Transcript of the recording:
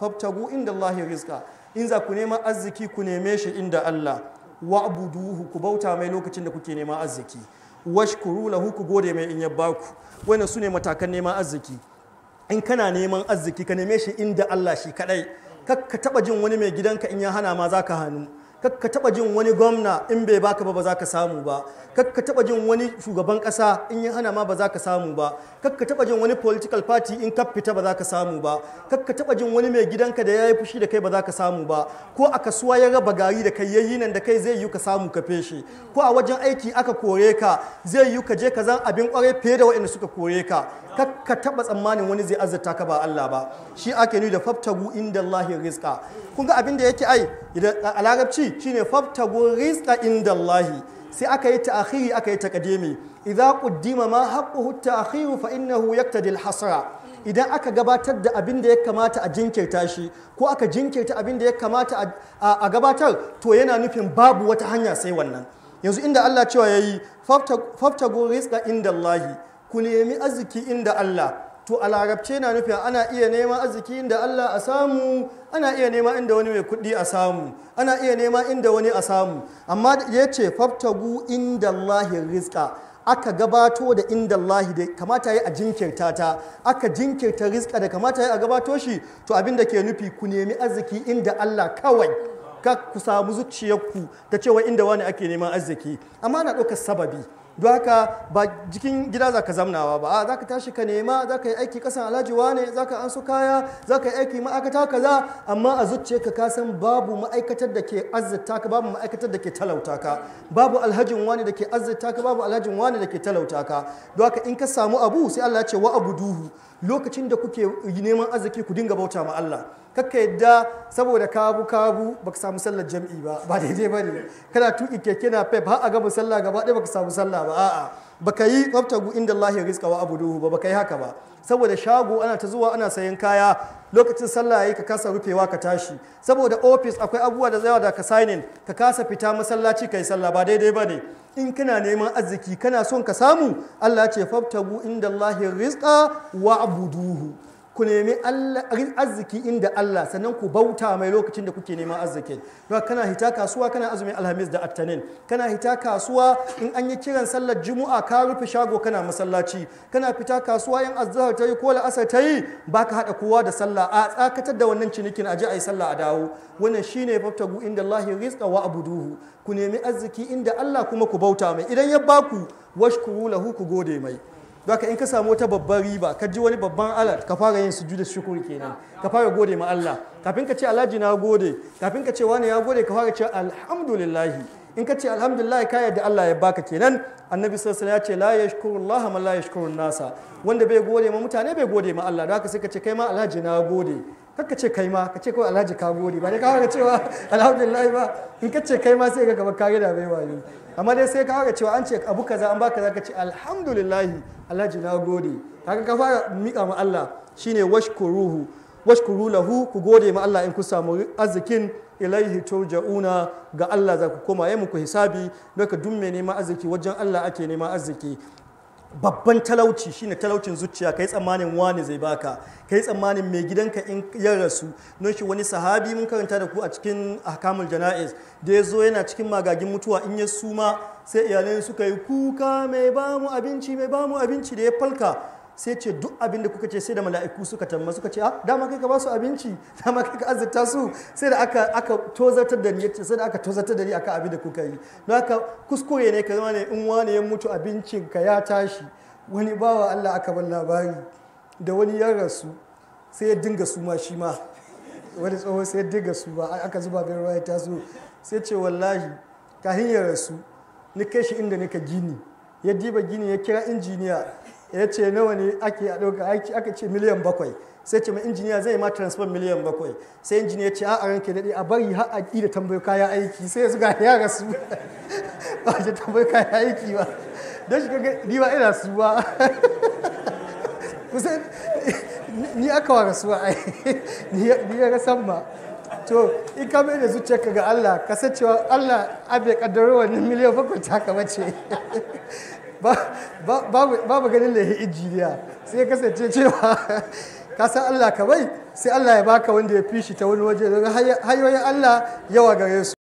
fabtagu inda Allah rizka in za ku nema arziki ku neme shi inda Allah wa abuduhu ku bauta mai lokacin da kuke nema arziki washkuru lahu ku gode mai in ya baku wannan sune matakan neman arziki in kana neman arziki ka neme shi inda Allah shi kadai ka taba jin wani mai gidanka in ya hana ma zaka hannu ka taba jin wani gwamna in bai baka ba ba za ka samu ba kakka taba jin wani shugaban kasa in yi hana ma ba za ka samu ba kakka taba jin wani political party in ka fita ba za ka samu ba kakka taba jin wani mai gidanka da ya yi fushi da kai ba za ka samu ba ko a kasuwa ya raba gari da kai yayi nan da kai zai yi ka samu ka feshe ko a wajen aiki aka kore ka zai yi ka je ka zan abin kwarai fiye da waɗanda suka kore ka ka taba tsammanin wani zai azurta ka ba Allah ba shi ake ni da fabtagu inda Allah rizqa kun ga abin da yake ai a larabci shine fabtagu rizqa inda Allahi sai aka yi ta'khiri aka yi taqdimi idza quddima ma haqquhu ta'khiru fa innahu yaktadi al-hasra idan aka gabatar da abin da ya kamata a jinkirta shi ko aka jinkirta abin da ya kamata a gabatar to yana nufin babu wata hanya sai wannan yanzu inda Allah cewa yayi fabtagu rizqa inda Allahi ku nemi arziki inda Allah to a larabce na nufin ana iya neman arziki inda Allah a samu ana iya nema inda wani mai kuɗi a samu ana iya nema inda wani a samu amma ya ce faftagu inda Allahi rizka aka gabato da inda Allahi da kamata yi a jinkirta ta aka jinkirta rizka da kamata yi a gabato shi to abin da ke nufi ku nemi arziki inda Allah kawai ka ku samu zuciyarku ta cewa inda wani ake neman arziki amma na ɗaukar sababi don haka ba jikin gida za ka zamnawa ba a za ka tashi ka nema za ka yi aiki kasan alhaji wane za ka an su kaya za ka yi aiki ma'aikata kaza amma a zuciya ka kasan babu ma'aikatar da ke azzata ka babu ma'aikatar da ke talauta ka babu alhajin wani da ke azzata ka babu alhajin wani da ke talauta ka don haka in ka samu abu sai Allah ya ce wa duhu lokacin da kuke neman arziki ku dinga bauta ma Allah kakka yadda saboda kabu kabu baka samu sallar jam'i ba ba daidai ne. kana tuki keke na pep har a gaba sallah gaba ɗaya ba ka samu sallah ba a'a baka yi gu inda Allah ya rizka wa abuduhu ba baka yi haka ba saboda shago ana ta zuwa ana sayan kaya lokacin sallah yayi ka kasa rufewa ka tashi saboda ofis akwai abubuwa da zaiwa da ka signing ka kasa fita masallaci kai sallah ba daidai ba ne in kana neman arziki kana son ka samu Allah ya ce fabtagu inda Allah ya rizka wa abuduhu ku nemi arziki inda Allah sannan ku bauta mai lokacin da kuke neman arziki don kana hita kasuwa kana azumin alhamis da attanin kana hita kasuwa in an yi kiran sallar juma'a ka rufe shago kana masallaci kana fita kasuwa 'yan azhar ta yi ko la'asar ta yi ba ka haɗa kowa da sallah a tsakatar da wannan cinikin a a ayi sallah a dawo wannan shi shine faftagu inda Allah rizqa wa abuduhu ku nemi arziki inda Allah kuma ku bauta mai idan ya baku washkuru lahu ku gode mai haka in ka samu wata babban riba ka ji wani babban alal ka fara yin sujuda shukuri kenan ka fara gode ma Allah kafin ka ce alhaji na gode kafin ka ce wani ya gode ka fara ce alhamdulillahi in ka ce alhamdulillah ka yadda Allah ya baka kenan annabi sallallahu ya ce la yashkuru Allah ma la yashkuru nasa wanda bai gode ma mutane bai gode ma Allah haka sai ka ce kai ma alhaji na gode kakka ce kai ma ka ce kawai alhaji ka gode ba dai ka fara cewa alhamdulillah ba in ka ce kai ma sai ka gaba kare da bai wani amma dai sai ka fara cewa an ce abu kaza an baka za ka ce alhamdulillah alhaji na gode kaga ka fara mika ma Allah shine washkuruhu washkuru lahu ku gode ma Allah in ku samu arzikin ilaihi turja'una ga Allah za ku koma yayin ku hisabi daga dun mai neman arziki wajen Allah ake neman arziki babban talauci shine talaucin zuciya kai tsammanin wani zai baka kai tsammanin mai gidanka in ya rasu don shi wani sahabi mun karanta da ku a cikin ahkamul jana'iz da ya zo yana cikin magagin mutuwa in ya suma sai iyalai suka yi kuka mai bamu abinci mai bamu abinci da ya falka sai ce duk abin da kuka ce sai da mala'iku suka tamma suka ce ah dama kai ka ba su abinci dama kai ka azurta su sai da aka aka tozartar da ni sai da aka tozartar da ni akan abin da kuka yi don haka kuskure ne ka zama ne in wani ya mutu abincin ka ya tashi wani bawa Allah aka bar labari da wani ya rasu sai ya dinga su ma shi ma wani tsoho sai ya dinga su ba aka zuba bin ruwa ya taso sai ce wallahi kahin ya rasu ni kai shi inda nika gini ya diba gini ya kira injiniya ya ce nawa ne ake a ɗauka aka ce miliyan bakwai sai ce ma injiniya zai ma transfer miliyan bakwai sai injiniya ce a ranke daɗe a bari har a ƙi da tambayi kaya aiki sai su zuga ya rasu ba a tambayi kaya aiki ba don shi kaga riba ina su ba kusan ni aka wa rasuwa ai ni ya san ma to in ka mai da ka ga Allah ka san Allah abe kaddaro wannan miliyan bakwai ta ka babu ganin da yi ijiriya sai ya kasance cewa ka san Allah ka bai sai Allah ya baka wanda ya fi shi ta wani waje don hayoyin Allah yawa gare su